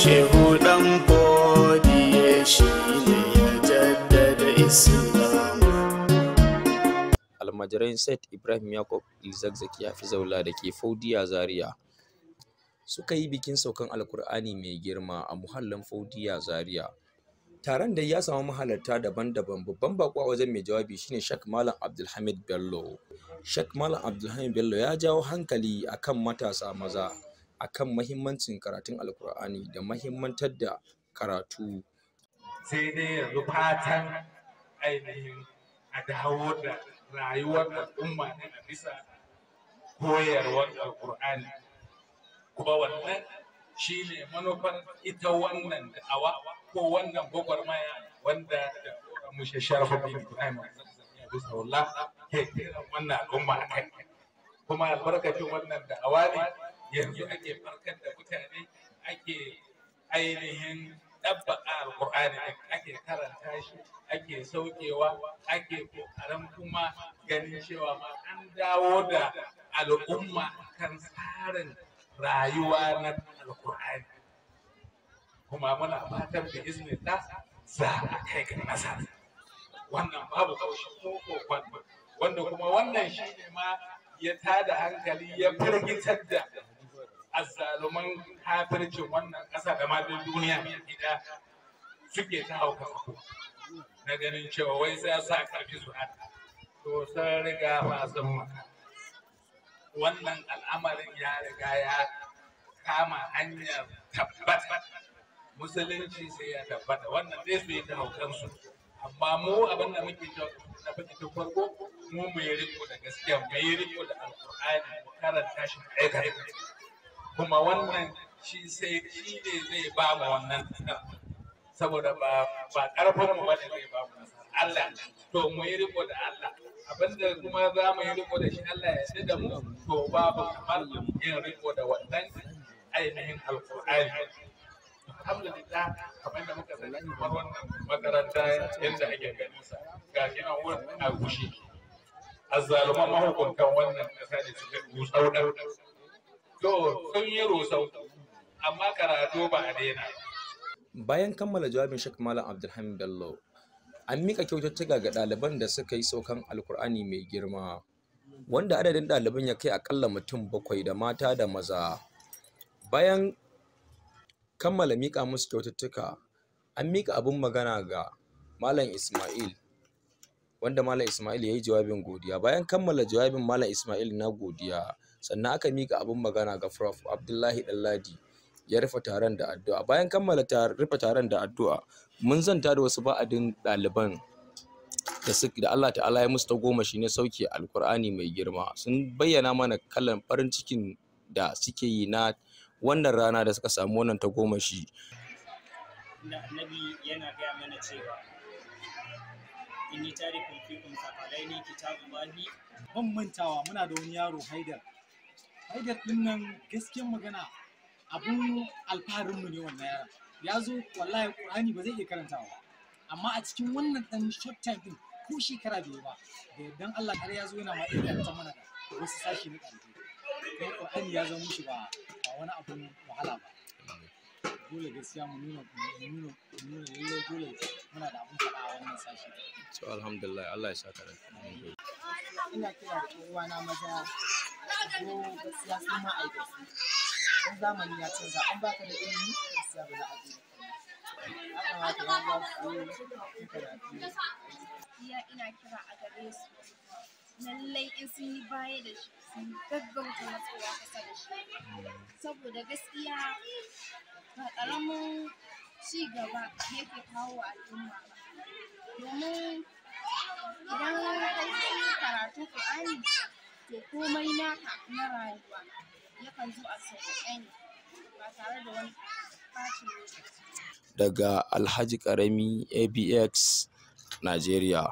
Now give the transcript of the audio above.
shehu dan shi ne ya almajiran said ibrahim yakub ilzakzaki ya fi zaula da ke faudiya zaria suka yi bikin saukan alkur'ani mai girma a muhallin faudiya zaria taron da ya samu mahalarta daban-daban babban bako a wajen mai jawabi shine Sheikh Malam Abdulhamid Bello Sheikh Malam Abdulhamid Bello ya jawo hankali akan matasa maza akan mahimmancin karatun alkur'ani da mahimmantar da karatu sai dai yanzu fatan ainihin a dawo da rayuwar al'umma ne a bisa koyarwar alkur'ani kuma wannan shi ne manufar ita wannan da'awa ko wannan gwagwarmaya wanda da mushe sharafa bin ibrahim ya bisa wallah ke kiran wannan al'umma a kai kuma albarkacin wannan da'awa ne yanzu ake farkar da mutane ake ainihin a alƙur'ani ake karanta shi ake saukewa ake ƙoƙarin kuma ganin cewa ma an dawo da al'umma kan tsarin rayuwa na alƙur'ani kuma muna fatan da izinin da za a kai ga nasara wannan babu kaushi ko kokon wanda kuma wannan shi ne ma ya tada hankali ya firgitar da azzaluman kafircin wannan ƙasa da ma duniya mai gida suke ta hauka na ganin cewa wai sai sa karfi su hada to sun riga ba sun wannan al'amarin ya riga ya kama hanyar tabbata musulunci sai ya tabbata wannan zai su yi ta su amma mu abin da muke na fiti ta farko mu mu riko da gaskiya mai riko da alƙur'ani mu karanta shi aikata kuma wannan shi sai shi ne zai ba mu wannan saboda ba ba karfin mu bane zai ba mu Allah to mu yi riko da Allah abinda kuma za mu yi riko da shi Allah ya yarda da mu to babu kamar yin riko da wannan ainihin alkur'ani alhamdulillah kamar da muka sani kamar wannan makaranta yadda ake ganin sa shi nan wurin a gushi azzaluman mahukuntan wannan kasa da suka gusau To sun yi rosau, amma karatu ba a daina. Bayan kammala jawabin Sheikh Malam Abdulhamid Bello, an mika kyaututtuka ga ɗaliban da suka yi saukan Alkur'ani mai girma, wanda adadin ɗaliban ya kai akalla mutum bakwai da mata da maza. Bayan kammala mika musu kyaututtuka, an mika abin magana ga Malam Ismail wanda Malam Ismail ya yi jawabin godiya bayan kammala jawabin Malam Ismail na godiya sannan aka mika abin magana ga Prof Abdullahi Ɗanladi ya rufe taron da addu'a bayan kammala rufe taron da addu'a mun zanta da wasu ba'adin ɗaliban da da Allah ta'ala ya musu tagomashi na sauke alkur'ani mai girma sun bayyana mana kallon farin cikin da suke yi na wannan rana da suka samu wannan tagomashi annabi yana gaya mana cewa inni tarikun tabi ba ni" ban mantawa muna da wani yaro haidar haidar din nan gaskiyar magana abun alfaharinmu ne wannan yaran ya zo wallahi qur'ani ba zai iya karantawa ba amma a cikin wannan dan short time din ko shekara bai ba da yardan Allah har ya zo yana ma iya karanta mana da wasu sashi na ɗalibai kuma qur'ani ya zama mushi ba ba wani abun wahala ba dole gaskiya mu nuna nuna nuna lalle dole muna da abun faɗa a wannan sashi to alhamdulillah Allah ya saka da ina kira da uwana maza ko gaskiya sai ma'aikata in zamani ya canza an baka da ilimi gaskiya ba za a je ya kamata ya za su yi karatu iya ina kira a gare su lallai in sun yi baya da shi sun gaggauta matsawa kusa da shi saboda gaskiya ba ƙaramin ci gaba yake kawo wa al'umma domin idan ka yi karatun ƙur'ani to komai naka na rayuwa yakan zo a sauƙaƙe ne ba tare da wani ɓacin lokaci. Daga Alhaji Ƙarami ABX Najeriya.